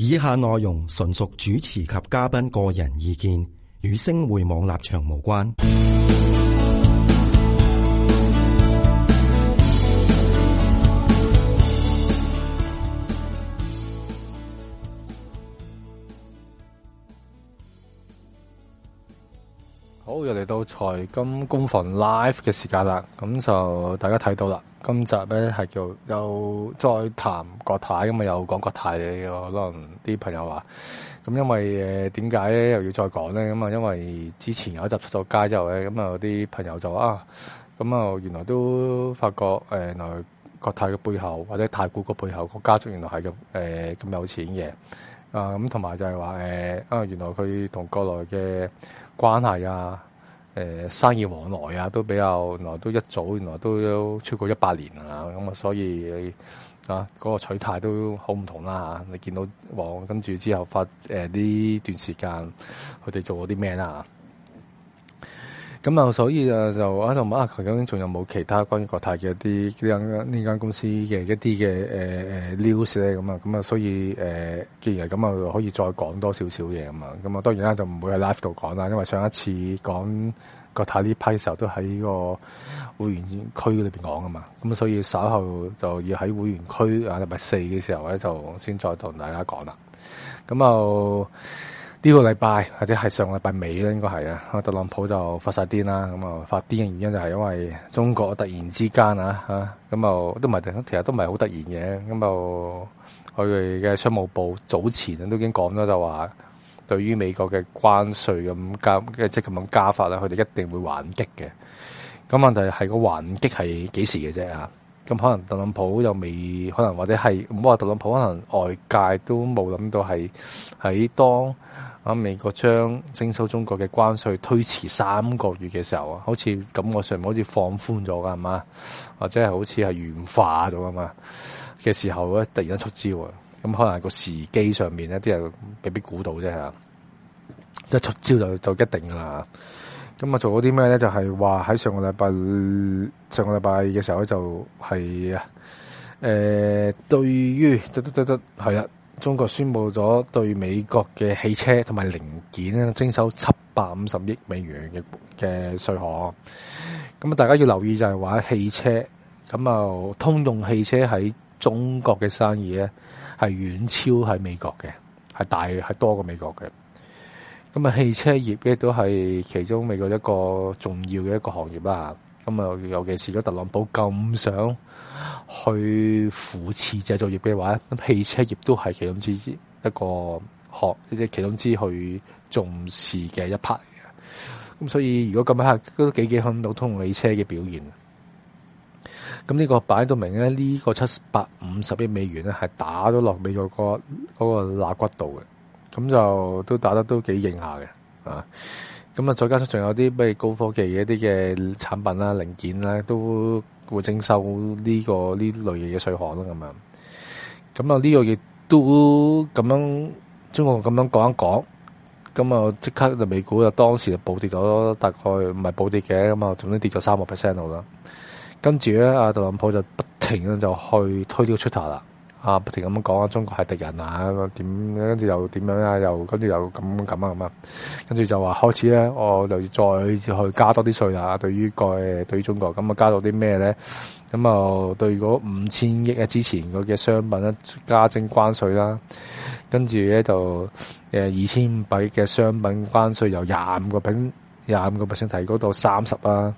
以下內容純屬主持及嘉賓個人意見，與星匯網立場無關。好，又嚟到財金工房 live 嘅時間啦，咁就大家睇到啦。今集咧係叫又再談國泰咁啊，又講國泰嘅可能啲朋友話，咁因為誒點解又要再講咧？咁啊，因為之前有一集出咗街之後咧，咁啊啲朋友就啊，咁啊原來都發覺誒原來國泰嘅背後或者太古嘅背後個家族原來係咁誒咁有錢嘅啊，咁同埋就係話誒啊，原來佢同國內嘅關係啊。誒、呃，生意往來啊，都比較原來都一早，原來都有超過一百年啦，咁啊，所以啊，嗰、那個取態都好唔同啦吓、啊。你見到往跟住之後發誒，呢、呃、段時間佢哋做咗啲咩啦？咁啊，所以就啊，就啊同啊佢究竟仲有冇其他關於國泰嘅一啲呢間呢間公司嘅一啲嘅誒誒 news 咧？咁、呃、啊，咁啊，所以誒、呃，既然係咁啊，可以再講多少少嘢咁啊，咁啊，當然啦，就唔會喺 live 度講啦，因為上一次講。國泰呢批時候都喺呢個會員區裏邊講啊嘛，咁所以稍後就要喺會員區啊禮拜四嘅時候咧就先再同大家講啦。咁啊呢個禮拜或者係上個禮拜尾咧應該係啊，特朗普就發晒癲啦。咁啊發癲嘅原因就係因為中國突然之間啊吓，咁啊都唔係其實都唔係好突然嘅。咁啊佢哋嘅商務部早前都已經講咗就話。對於美國嘅關稅咁加，即係即係咁樣加法咧，佢哋一定會還擊嘅。咁問題係個還擊係幾時嘅啫？啊，咁可能特朗普又未，可能或者係唔好話特朗普，可能外界都冇諗到係喺當啊美國將徵收中國嘅關稅推遲三個月嘅時候啊，好似感覺上面好似放寬咗㗎，係嘛？或者係好似係軟化咗啊嘛嘅時候咧，突然間出招啊！咁可能係個時機上面咧，啲人未必估到啫吓，一出招就就一定噶啦。咁啊，做咗啲咩咧？就係話喺上個禮拜，上個禮拜嘅時候就係、是、誒、呃，對於得得得得，係啦中國宣布咗對美國嘅汽車同埋零件啊，徵收七百五十億美元嘅嘅稅項。咁啊，大家要留意就係話汽車，咁啊，通用汽車喺。中國嘅生意咧係遠超喺美國嘅，係大係多過美國嘅。咁啊，汽車業嘅都係其中美國一個重要嘅一個行業啦。咁啊，尤其是咗特朗普咁想去扶持製造業嘅話，咁汽車業都係其中之一個學，即係其中之去重視嘅一 part 嚟嘅。咁所以，如果今日都幾幾睇唔到通用汽車嘅表現。咁、這、呢個擺到明咧，呢、這個七百五十億美元咧係打咗落美國嗰嗰個肋骨度嘅，咁就都打得都幾勁下嘅，啊！咁啊，再加上仲有啲咩高科技嘅一啲嘅產品啦、零件咧，都會徵收呢、這個呢類嘅嘢稅項啦，咁樣。咁啊，呢個亦都咁樣，中國咁樣講一講，咁啊即刻就美股就當時就暴跌咗，大概唔係暴跌嘅，咁啊，總之跌咗三個 percent 度啦。跟住咧，阿特朗普就不停咁就去推呢個 Twitter 啦，啊，不停咁樣講啊，中國係敵人啊，點，跟住又點樣，樣啊，又跟住又咁咁啊咁啊，跟住就話開始咧，我就再去加多啲稅啦，啊，對於個對於中國，咁啊加到啲咩咧？咁啊對嗰五千億啊之前嗰嘅商品咧加徵關稅啦，啊，跟住咧就誒二千五百億嘅商品關稅由廿五個 percent 廿五個 percent 提高到三十啦，啊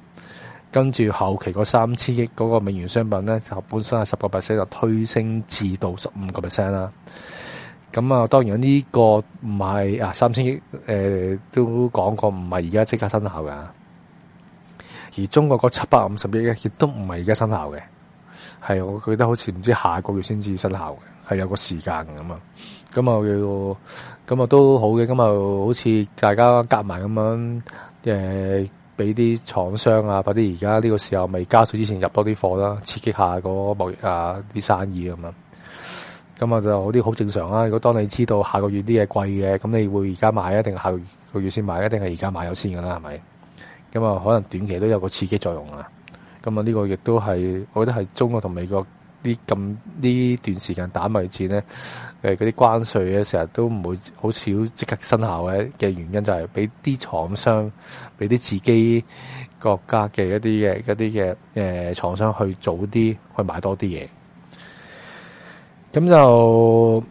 跟住後期嗰三千億嗰個美元商品咧，就本身係十個 percent，就推升至到十五個 percent 啦。咁啊，當然呢個唔係啊三千億，誒都講過唔係而家即刻生效噶。而中國嗰七百五十億亦都唔係而家生效嘅，係我覺得好似唔知下個月先至生效嘅，係有個時間嘅嘛。咁啊，要咁啊都好嘅，咁啊好似大家夾埋咁樣、呃俾啲廠商啊，或者而家呢個時候未加稅之前入多啲貨啦，刺激下嗰個貿易啊啲生意咁樣。咁啊就好啲好正常啦。如果當你知道下個月啲嘢貴嘅，咁你會而家買，一定下個月先買，一定係而家買有先㗎喇，係咪？咁啊，可能短期都有個刺激作用啊。咁啊，呢個亦都係，我覺得係中國同美國。呢，咁呢段時間打埋錢咧，誒嗰啲關稅咧，成日都唔會好少即刻生效嘅嘅原因就係俾啲廠商，俾啲自己國家嘅一啲嘅啲嘅誒廠商去早啲去買多啲嘢。咁就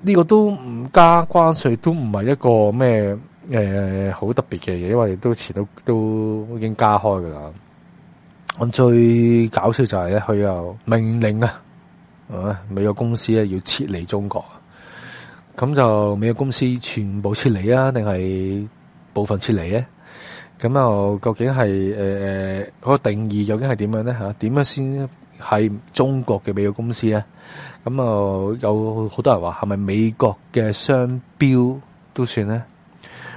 呢個都唔加關稅都唔係一個咩誒好特別嘅嘢，因為都遲都都已經加開噶啦。我最搞笑就係咧，佢又命令啊，啊，美國公司咧要撤離中國，咁就美國公司全部撤離啊，定係部分撤離咧？咁啊，究竟係誒誒嗰個定義究竟係點樣咧吓？點樣先係中國嘅美國公司咧？咁啊，有好多人話係咪美國嘅商標都算咧，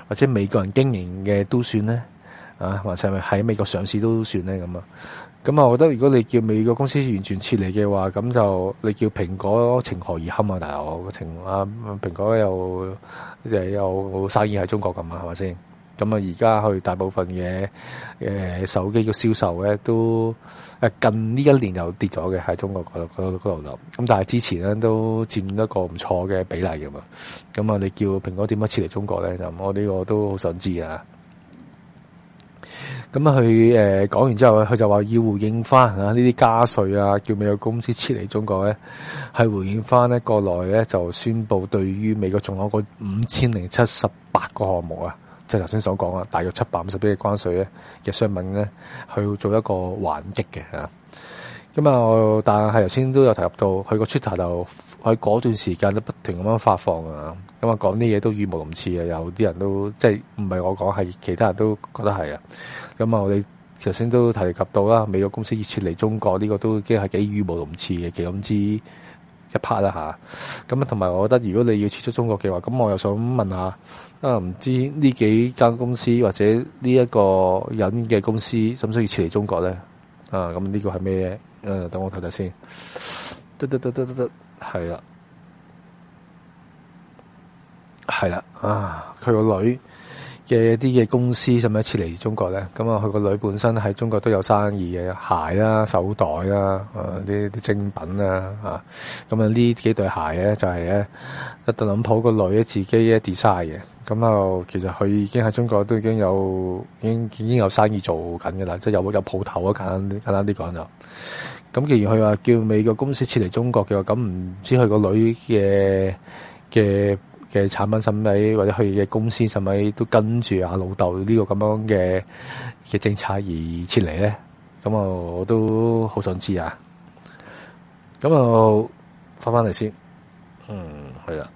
或者美國人經營嘅都算咧？啊，或者係咪喺美國上市都算咧咁啊？咁啊，那我覺得如果你叫美國公司完全撤離嘅話，咁就你叫蘋果情何以堪啊？大佬，個情啊，蘋果又有生意喺中國咁啊，係咪先？咁啊，而家佢大部分嘅誒、呃、手機嘅銷售咧都誒近呢一年又跌咗嘅喺中國嗰度度，咁但係之前咧都佔得個唔錯嘅比例嘅嘛。咁啊，你叫蘋果點樣撤離中國咧？咁我呢個都好想知啊！咁啊，佢誒講完之後，佢就話要回應翻呢啲加稅啊，叫美國公司撤離中國咧，係回應翻咧，過來咧就宣布對於美國仲有個五千零七十八個項目啊，即係頭先所講啊，大約七百五十億嘅關稅咧嘅商品咧，去做一個還擊嘅嚇。咁啊，但係頭先都有提及到佢個 Twitter，佢嗰段時間就不停咁樣發放啊。咁啊，講啲嘢都語無倫次啊。有啲人都即係唔係我講，係其他人都覺得係啊。咁啊，我哋頭先都提及到啦，美國公司要撤離中國呢、這個都已經係幾語無倫次嘅，幾咁之一 part 啦嚇。咁啊，同埋我覺得如果你要撤出中國嘅話，咁我又想問下，啊唔知呢幾間公司或者呢一個人嘅公司，使唔需要撤離中國咧？啊，咁呢個係咩？誒，等我睇睇先，得得得得得得，係啦，係啦，啊，佢個女嘅啲嘅公司使唔使撤離中國咧？咁、嗯、啊，佢個女的本身喺中國都有生意嘅鞋啊、手袋啊、誒，啲啲精品啊。吓、啊，咁啊呢幾對鞋咧就係、是、咧，特朗普個女的自己嘅 design 嘅。咁啊，其實佢已經喺中國都已經有，已經已經有生意做緊㗎啦，即係有有鋪頭啊，簡單簡單啲講就。咁既然佢話叫美國公司撤離中國嘅話，咁唔知佢個女嘅嘅嘅產品審美，或者佢嘅公司審美都跟住阿老豆呢個咁樣嘅嘅政策而撤離咧？咁啊，我都好想知啊。咁啊，翻翻嚟先，嗯，係啦。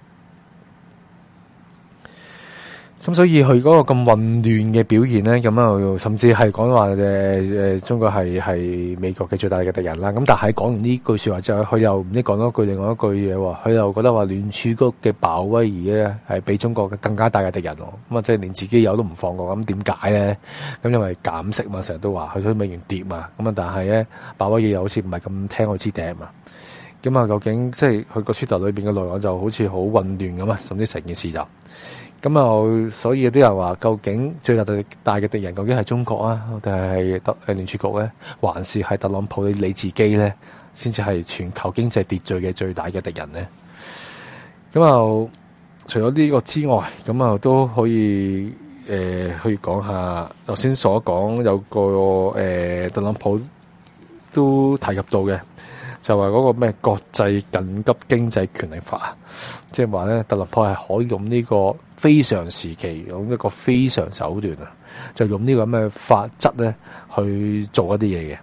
咁所以佢嗰個咁混亂嘅表現咧，咁啊，甚至係講話誒誒，中國係係美國嘅最大嘅敵人啦。咁但係講完呢句說話之後，佢又唔知講多句另外一句嘢喎。佢又覺得話聯儲局嘅鮑威爾咧係比中國嘅更加大嘅敵人咯。咁啊，即係連自己友都唔放過。咁點解咧？咁因為減息嘛，成日都話佢啲美元跌嘛。咁啊，但係咧鮑威爾又好似唔係咁聽我支笛啊嘛。咁啊，究竟即係佢個 Twitter 裏邊嘅內容就好似好混亂咁啊，甚至成件事就。咁啊，所以有啲人話，究竟最大嘅敵人究竟係中國啊，定係特誒聯儲局咧，還是係特朗普你你自己咧，先至係全球經濟秩序嘅最大嘅敵人咧？咁啊，除咗呢個之外，咁啊都可以誒去講下，頭先所講有個誒、呃、特朗普都提及到嘅。就話、是、嗰個咩國際緊急經濟權力法，即係話咧，特朗普係可以用呢個非常時期用一個非常手段啊，就用個呢個咁嘅法則咧去做一啲嘢嘅。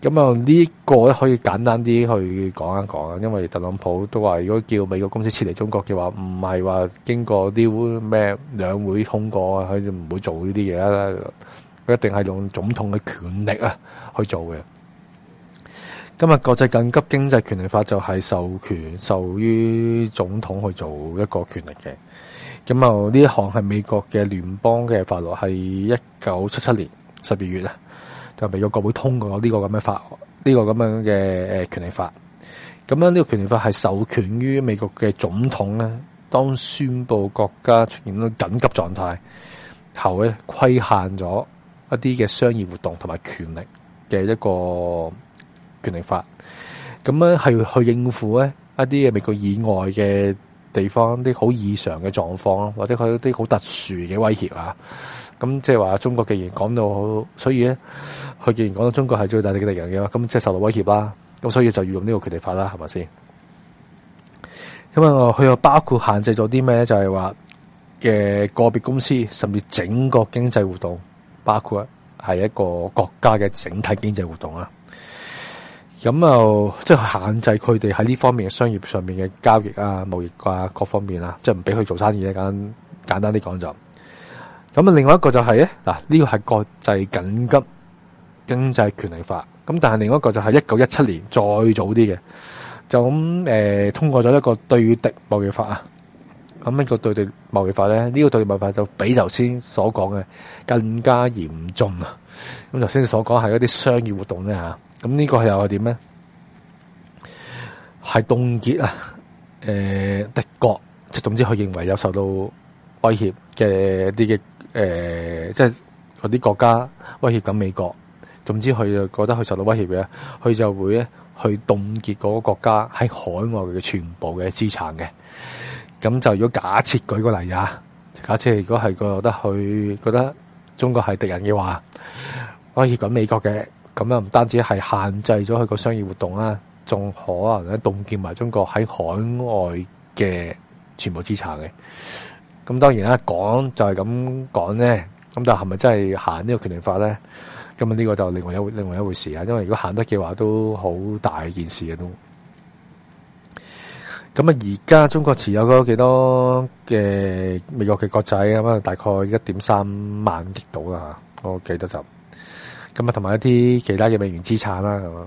咁啊呢個咧可以簡單啲去講一講啊，因為特朗普都話如果叫美國公司撤離中國嘅話唔係話經過啲咩兩會通過啊，佢就唔會做呢啲嘢啦，佢一定係用總統嘅權力啊去做嘅。今日國際緊急經濟權力法就係、是、授權受於總統去做一個權力嘅，咁啊呢一行係美國嘅聯邦嘅法律，係一九七七年十二月啊，就美國國會通過呢個咁嘅法，呢個咁樣嘅誒權力法。咁啊呢個權力法係授權於美國嘅總統咧，當宣布國家出現緊急狀態後咧，規限咗一啲嘅商業活動同埋權力嘅一個。權力法，咁咧係去應付咧一啲嘅美國以外嘅地方啲好異常嘅狀況咯，或者佢啲好特殊嘅威脅啊。咁即係話中國既然講到，好，所以咧佢既然講到中國係最大嘅敵人嘅，咁即係受到威脅啦。咁所以就要用呢個權力法啦，係咪先？咁啊，佢又包括限制咗啲咩咧？就係話嘅個別公司，甚至整個經濟活動，包括係一個國家嘅整體經濟活動啊。咁就即係限制佢哋喺呢方面嘅商業上面嘅交易啊、貿易啊、各方面啊，即係唔俾佢做生意一簡簡單啲講就，咁啊，另外一個就係咧嗱，呢、呢個係國際緊急經濟權利法。咁但係另外一個就係一九一七年再早啲嘅，就咁誒、呃、通過咗一個對敵貿易法啊。咁呢個對敵貿易法咧，呢、呢個對敵貿易法就比頭先所講嘅更加嚴重啊。咁頭先所講係一啲商業活動咧吓。咁呢個係又係點咧？係凍結啊！誒、呃，敵國即係總之，佢認為有受到威脅嘅一啲嘅誒，即係嗰啲國家威脅緊美國。總之，佢就覺得佢受到威脅嘅，佢就會咧去凍結嗰個國家喺海外嘅全部嘅資產嘅。咁就如果假設舉個例啊，假設如果係覺得佢覺得中國係敵人嘅話，威脅緊美國嘅。咁樣唔單止係限制咗佢個商業活動啦，仲可能凍結埋中國喺海外嘅全部資產嘅。咁當然啦，講就係咁講咧，咁就係咪真係行呢個權力法咧？咁啊呢個就另外一另外一回事啊。因為如果行得嘅話，都好大一件事嘅都。咁啊，而家中國持有咗幾多嘅美國嘅國債？咁啊，大概一點三萬億到啦，我記得就。咁啊，同埋一啲其他嘅美元資產啦，咁啊，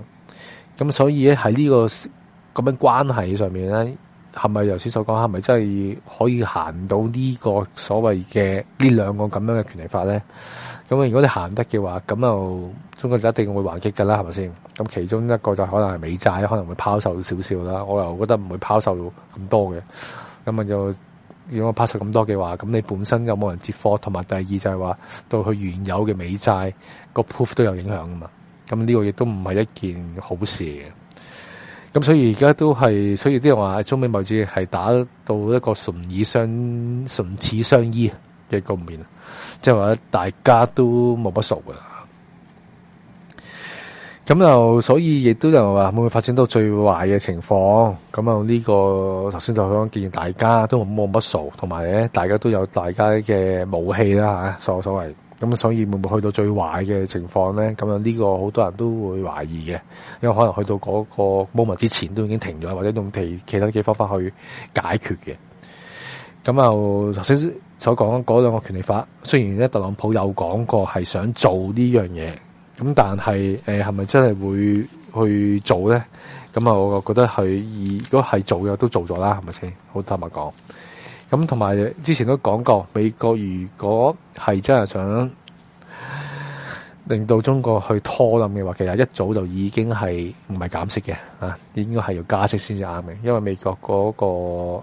咁所以咧喺呢個咁樣關係上面咧，係咪頭先所講，係咪真係可以行到呢個所謂嘅呢兩個咁樣嘅權利法咧？咁啊，如果你行得嘅話，咁啊，中國就一定會還擊㗎啦，係咪先？咁其中一個就可能係美債，可能會拋售少少啦，我又覺得唔會拋售咁多嘅，咁啊就。如果我拍晒咁多嘅話，咁你本身有冇人接貨？同埋第二就係話到佢原有嘅美債個 proof 都有影響噶嘛？咁呢個亦都唔係一件好事嘅。咁所以而家都係，所以啲人話中美貿易係打到一個唇以相唇齒相依嘅局面，即係話大家都冇乜熟噶。咁就所以亦都有話會唔會發展到最壞嘅情況？咁啊呢個頭先就講見，大家都冇乜傻，同埋咧，大家都有大家嘅武器啦吓，所所謂。咁所以會唔會去到最壞嘅情況咧？咁樣呢個好多人都會懷疑嘅，因為可能去到嗰個 moment 之前都已經停咗，或者用其其他嘅方法去解決嘅。咁啊頭先所講嗰兩個權力法，雖然咧特朗普有講過係想做呢樣嘢。咁但係誒係咪真係會去做咧？咁啊，我覺得佢如果係做嘅都做咗啦，係咪先？好坦白講，咁同埋之前都講過，美國如果係真係想令到中國去拖冧嘅話，其實一早就已經係唔係減息嘅啊，應該係要加息先至啱嘅。因為美國嗰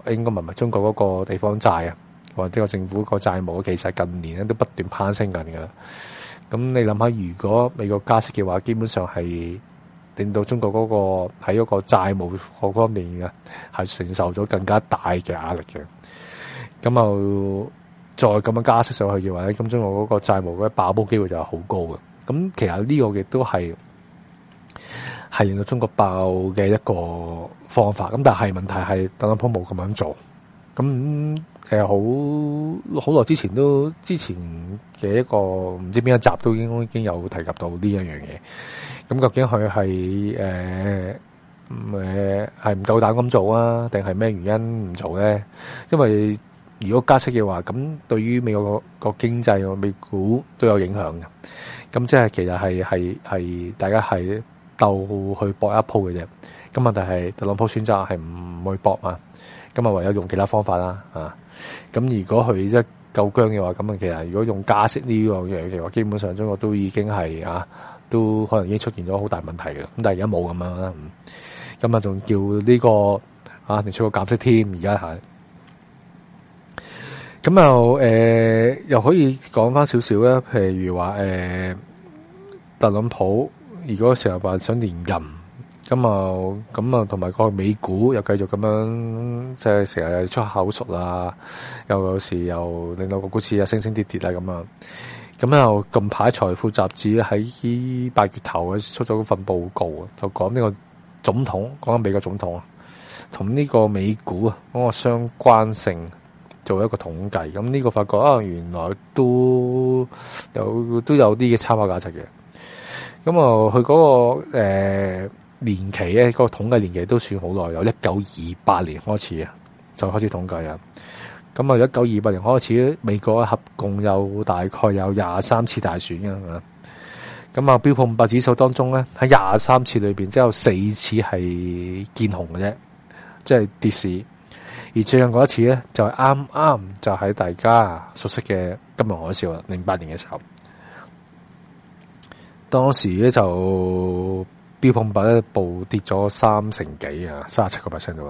個，應該唔係中國嗰個地方債啊，或者個政府個債務，其實近年咧都不斷攀升緊噶。咁你諗下，如果美國加息嘅話，基本上係令到中國嗰個喺嗰個債務嗰方面嘅係承受咗更加大嘅壓力嘅。咁又再咁樣加息上去嘅話，咁中國嗰個債務嘅爆煲機會就係好高嘅。咁其實呢個亦都係係令到中國爆嘅一個方法。咁但係問題係特朗普冇咁樣做。咁係好好耐之前都之前嘅一個唔知邊一集都已經已經有提及到呢一樣嘢。咁究竟佢係誒誒係唔夠膽咁做啊？定係咩原因唔做咧？因為如果加息嘅話，咁對於美國個經濟個美股都有影響嘅。咁即係其實係係係大家係鬥去搏一鋪嘅啫。咁啊，問題係特朗普選擇係唔會搏啊。咁啊，唯有用其他方法啦、啊。咁如果佢一夠僵嘅話，咁啊，其實如果用加息呢個嘢嘅話，基本上中國都已經係啊，都可能已經出現咗好大問題嘅。咁但係而家冇咁樣啦，咁、嗯這個、啊，仲叫呢個啊，仲出個減息添。而家係，咁啊，誒，又可以講翻少少咧，譬如話誒、呃，特朗普如果成日話想連任。咁啊，咁啊，同埋個美股又繼續咁樣，即係成日又出口術啊，又有時又令到個股市啊，升升跌跌啊，咁啊。咁又近排財富雜誌喺八月頭出咗嗰份報告啊，就講呢個總統，講緊美國總統啊，同呢個美股啊，嗰個相關性做一個統計。咁呢個發覺啊，原來都有都有啲嘅參考價值嘅。咁啊，佢、呃、嗰、那個、呃年期咧，呢個統計年期都算好耐，由一九二八年開始啊，就開始統計啊。咁啊，一九二八年開始，美國合共有大概有廿三次大選噶。咁啊，標普五百指數當中咧，喺廿三次裏邊，只有四次係見紅嘅啫，即係跌市。而最近嗰一次咧，就係啱啱就喺大家熟悉嘅金融海嘯啊，零八年嘅時候，當時咧就。標普百咧，暴跌咗三成幾啊，卅七個 percent 嘅。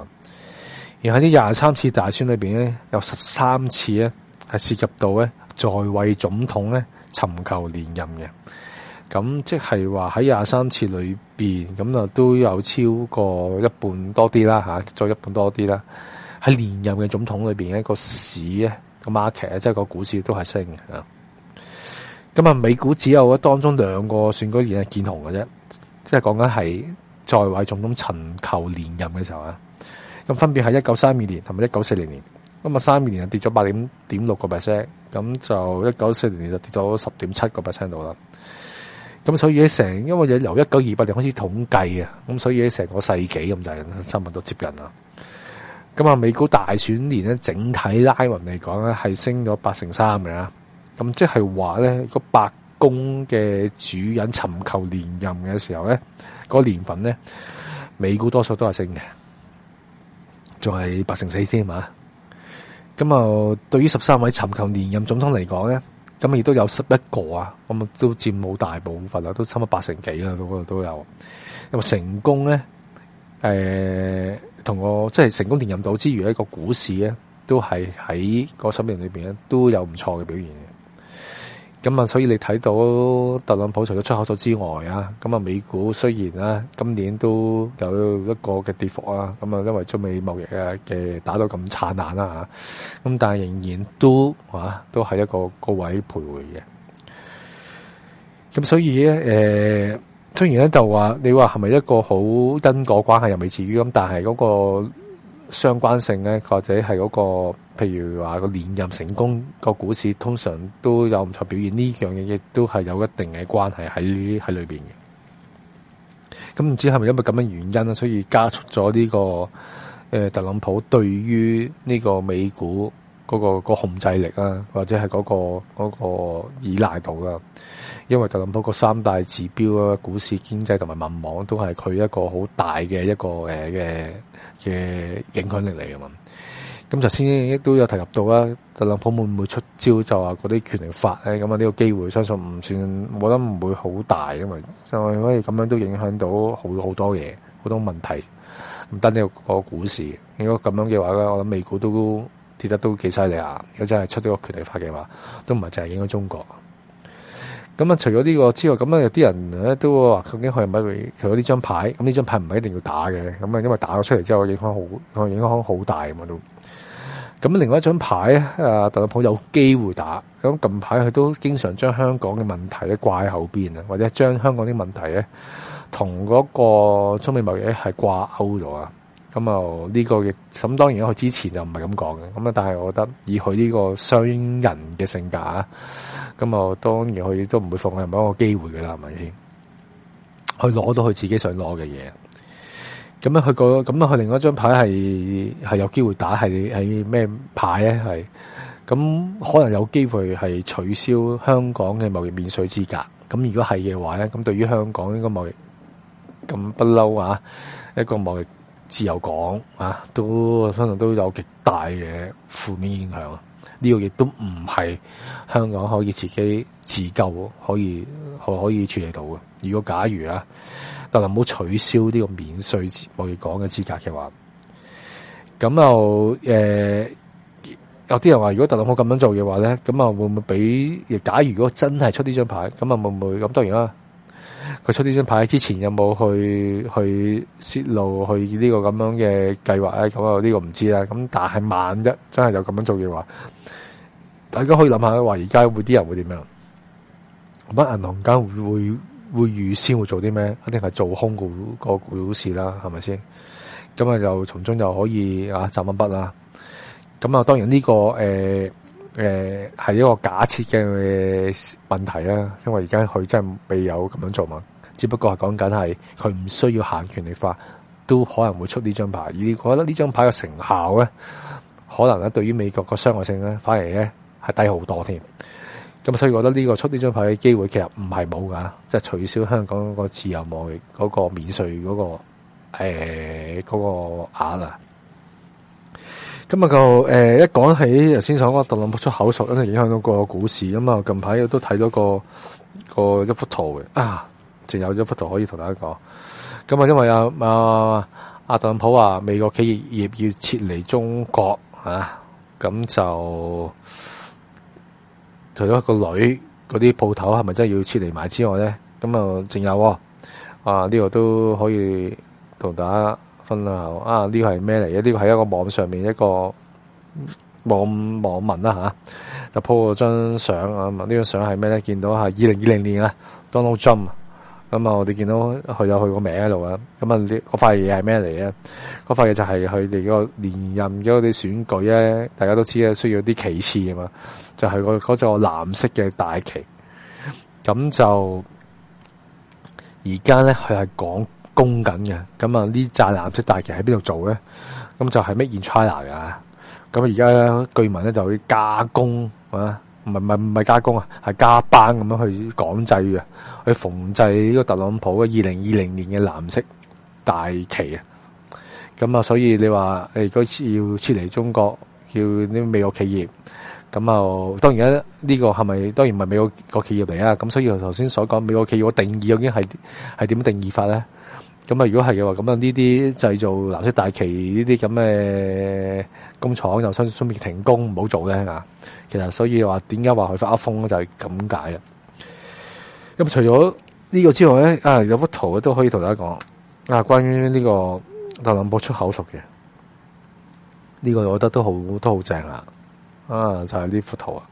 然後喺咧廿三次大選裏邊咧，有十三次咧係涉及到咧在位總統咧尋求連任嘅。咁即係話喺廿三次裏邊，咁啊都有超過一半多啲啦吓，再一半多啲啦。喺連任嘅總統裏邊，咧個市咧個 market 啊，即係個股市都係升嘅啊。咁啊，美股只有啊當中兩個選舉年係見紅嘅啫。即係講緊係在位總統尋求連任嘅時候啊，咁分別係一九三二年同埋一九四零年，咁啊三二年就跌咗八點點六個 percent，咁就一九四零年就跌咗十點七個 percent 到啦。咁所以咧成因為由一九二八年開始統計啊，咁所以咧成個世紀咁就差唔多接近啦。咁啊美股大選年咧整體拉勻嚟講咧係升咗八成三嘅啦。咁即係話咧個百。公嘅主人尋求連任嘅時候咧，嗰、那個、年份咧，美股多數都係升嘅，仲係八成四添嘛、啊。咁啊，對於十三位尋求連任總統嚟講咧，咁亦都有十一個啊，咁啊都佔冇大部分啊，都差唔多八成幾啊，嗰、那、度、個、都有。咁啊，成功咧，誒、呃，同我即係成功連任到之餘咧，一個股市咧都係喺嗰十名裏邊咧都有唔錯嘅表現嘅。咁啊，所以你睇到特朗普除咗出口數之外啊，咁啊，美股雖然啊今年都有一個嘅跌幅啊，咁啊，因為中美貿易啊嘅打到咁燦爛啦、啊、吓，咁、啊、但係仍然都啊，都係一個高位徘徊嘅。咁所以咧，誒、呃，雖然咧就話你話係咪一個好因果關係又未至於咁，但係嗰個相關性咧，或者係嗰、嗰個。譬如話個連任成功，個股市通常都有唔錯表現，呢樣嘢亦都係有一定嘅關係喺喺裏邊嘅。咁唔知係咪因為咁嘅原因咧，所以加速咗呢、這個誒、呃、特朗普對於呢個美股嗰、那個、那個控制力啊，或者係嗰、那個、那個依賴度啊？因為特朗普個三大指標啊，股市、經濟同埋民望都係佢一個好大嘅一個誒嘅嘅影響力嚟噶嘛。咁頭先亦都有提及到啦，特朗普會唔會出招就話嗰啲權力法咧？咁啊呢個機會相信唔算，我覺得唔會好大因嘛。就因為咁樣都影響到好好多嘢，好多問題。唔單呢個股市，應該咁樣嘅話咧，我諗美股都跌得都幾犀利啊！如果真係出到個權力法嘅話，都唔係淨係影響中國。咁啊，除咗呢個之外，咁有啲人咧都話究竟佢係咪佢除咗呢張牌？咁呢張牌唔係一定要打嘅。咁啊，因為打咗出嚟之後，影響好，影響好大咁啊都。咁另外一張牌，啊特朗普有機會打。咁近排佢都經常將香港嘅問題咧掛喺後邊啊，或者將香港啲問題咧同嗰個中美貿易係掛鈎咗啊。咁啊呢個嘅，咁當然佢之前就唔係咁講嘅。咁啊，但係我覺得以佢呢個商人嘅性格啊，咁啊當然佢都唔會放任何一個機會㗎啦，係咪先？去攞到佢自己想攞嘅嘢。咁佢個，咁佢另一張牌係有機會打係咩牌咧？係咁可能有機會係取消香港嘅貿易免稅資格。咁如果係嘅話咧，咁對於香港呢個貿易咁不嬲啊，一個貿易自由港啊，都相信都有極大嘅負面影響。呢個亦都唔係香港可以自己自救，可以可可以處理到嘅。如果假如啊～特朗普取消呢個免稅資格嘅話，咁又誒、呃、有啲人話，如果特朗普咁樣做嘅話咧，咁啊會唔會俾？假如，如果真係出呢張牌，咁啊會唔會？咁當然啦。佢出呢張牌之前有冇去去泄露去呢個咁樣嘅計劃咧？咁啊呢個唔知啦。咁但係萬一真係有咁樣做嘅話，大家可以諗下，話而家會啲人會點樣？咁啊，銀行間會？會會預先會做啲咩？一定係做空股、個股市啦，係咪先？咁啊，就從中就可以啊賺一筆啦。咁啊，站筆當然呢、呢個誒誒係一個假設嘅問題啦。因為而家佢真係未有咁樣做嘛。只不過講緊係佢唔需要行權力法，都可能會出呢張牌。而我覺得呢張牌嘅成效咧，可能咧對於美國嘅傷害性咧，反而咧係低好多添。咁所以我覺得呢個出呢張牌嘅機會其實唔係冇噶，即係取消香港嗰個自由貿易嗰個免稅嗰、那個誒嗰、欸那個額啊。咁啊誒，一講起先講個特朗普出口術跟影響到個股市吖嘛。近排都睇到個個一幅圖嘅啊，仲有一幅圖可以同大家講。咁啊因為阿阿、啊、特朗普話美國企業業要撤離中國啊，咁就。除咗個女嗰啲鋪頭係咪真係要撤離埋之外咧，咁啊，仲有啊呢個都可以同大家分享下啊！呢個係咩嚟咧？呢個係一個網上面一個網網民啦吓，就 po 咗張相啊，啊、這個、照是什麼呢張相係咩咧？見到係二零二零年啊，Donald Trump。咁啊，我哋見到佢有佢個名喺度啊。咁啊，呢嗰塊嘢係咩嚟咧？嗰塊嘢就係佢哋嗰個連任嗰啲選舉咧，大家都知需要啲旗幟啊嘛。就係個嗰個藍色嘅大旗。咁就而家咧，佢係講工緊嘅。咁啊，呢紮藍色大旗喺邊度做咧？咁就係 Made in China 㗎。咁而家據聞咧，就會加工啊？唔係唔係唔係加工啊？係加班咁樣去講製嘅。去縫製呢個特朗普嘅二零二零年嘅藍色大旗啊！咁啊，所以你話誒，如果要撤離中國，叫啲美國企業，咁啊，當然啦，呢個係咪當然唔係美國個企業嚟啊？咁所以頭先所講美國企業嘅定義究竟係係點定義法咧？咁啊，如果係嘅話，咁啊呢啲製造藍色大旗呢啲咁嘅工廠又出出面停工唔好做咧啊！其實所以話點解話佢發瘋咧，就係咁解啊！咁除咗呢個之外咧，啊有幅圖都可以同大家講啊，關於呢、這個特朗普出口術嘅呢個，我覺得都好都好正啊！啊就係、是、呢幅圖啊，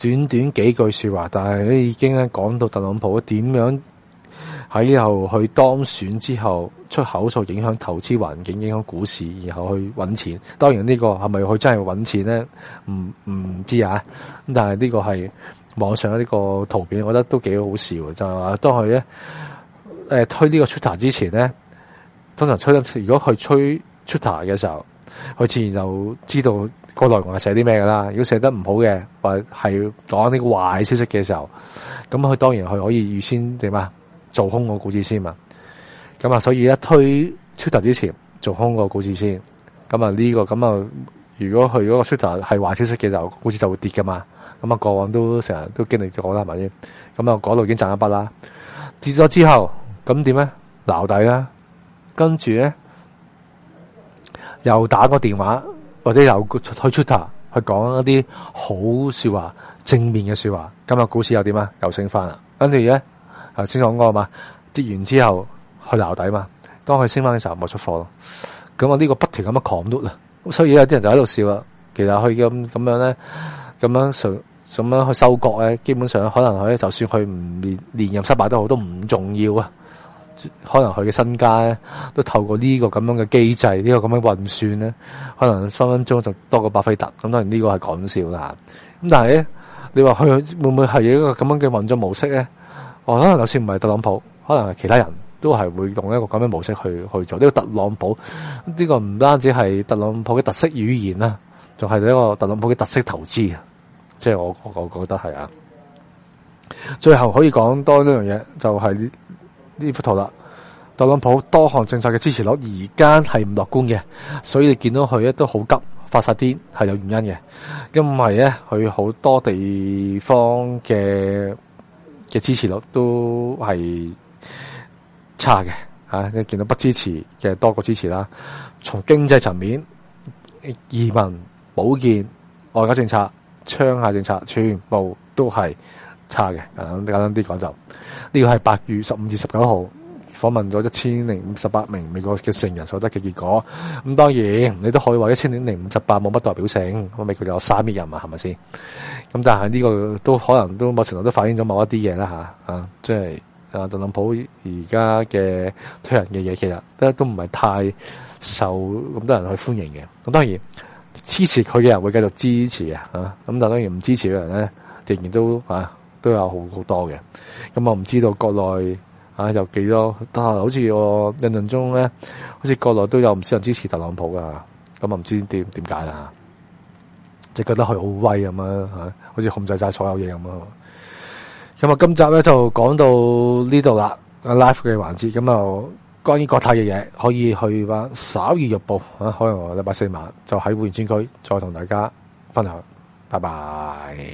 短短幾句說話，但係咧已經咧講到特朗普點樣喺以後去當選之後，出口術影響投資環境，影響股市，然後去搵錢。當然、這個、是不是呢個係咪佢真係搵錢咧？唔唔知啊，咁但係呢個係。網上呢個圖片，我覺得都幾好笑，就係話當佢咧，誒推呢個 Twitter 之前咧，通常推，如果佢推 Twitter 嘅時候，佢自然就知道個內容係寫啲咩噶啦。如果寫得唔好嘅，或係講個壞消息嘅時候，咁佢當然佢可以預先點啊，做空嗰個股市先嘛。咁啊，所以一推 Twitter 之前做空個股市先。咁啊，呢個咁啊。如果佢嗰個 Twitter 係壞消息嘅，就股市就會跌噶嘛。咁、嗯、啊，過往都成日都經歷過啦，係咪先？咁、嗯、啊，嗰度已經賺一筆啦。跌咗之後，咁點咧？撈底啦，跟住咧又打個電話，或者又去 Twitter 去講一啲好說話、正面嘅說話。今日股市又點啊？又升翻啦。跟住咧，頭先講過嘛，跌完之後去撈底嘛，當佢升翻嘅時候，咪出貨咯。咁我呢個不停咁樣狂住啊！所以有啲人就喺度笑啦，其實佢咁咁樣咧，咁樣上咁樣去收割咧，基本上可能佢就算佢唔連連任失敗都好，都唔重要啊。可能佢嘅身家咧都透過呢個咁樣嘅機制，呢個咁樣運算咧，可能分分鐘就多過巴菲特。咁當然呢個係講笑啦。咁但係咧，你話佢會唔會係一個咁樣嘅運作模式咧？哦，可能就算唔係特朗普，可能係其他人。都係會用一個咁嘅模式去去做呢。個特朗普呢個唔單止係特朗普嘅特色語言啦，仲係一個特朗普嘅特色投資，即係我我我覺得係啊。最後可以講多一樣嘢，就係呢幅圖啦。特朗普多項政策嘅支持率而家係唔樂觀嘅，所以你見到佢咧都好急發晒癲，係有原因嘅，因為咧佢好多地方嘅嘅支持率都係。差嘅吓，你、啊、見到不支持嘅多過支持啦。從經濟層面、移民、保健、外交政策、槍下政策，全部都係差嘅、啊。簡單啲講就，呢、這個係八月十五至十九號訪問咗一千零五十八名美國嘅成人所得嘅結果。咁當然你都可以話一千零五十八冇乜代表性，咁美國有三億人嘛、啊，係咪先？咁但係呢個都可能都某程度都反映咗某一啲嘢啦吓，啊，即係。啊，特朗普而家嘅推人嘅嘢，其實都都唔係太受咁多人去歡迎嘅。咁當然支持佢嘅人會繼續支持啊，嚇！咁但當然唔支持嘅人咧，仍然都嚇、啊、都有好好多嘅。咁、嗯、啊，唔、嗯、知道國內啊有幾多？但好似我印象中咧，好似國內都有唔少人支持特朗普噶。咁啊，唔、嗯、知點點解啦？即、啊、係覺得佢好威咁樣，嚇、啊！好似控制晒所有嘢咁樣。咁啊，今集咧就講到呢度啦。A、life 嘅環節，咁啊，關於國泰嘅嘢，可以去玩。稍雨日報啊，可能我哋禮拜四晚就喺會員專區再同大家分享。拜拜。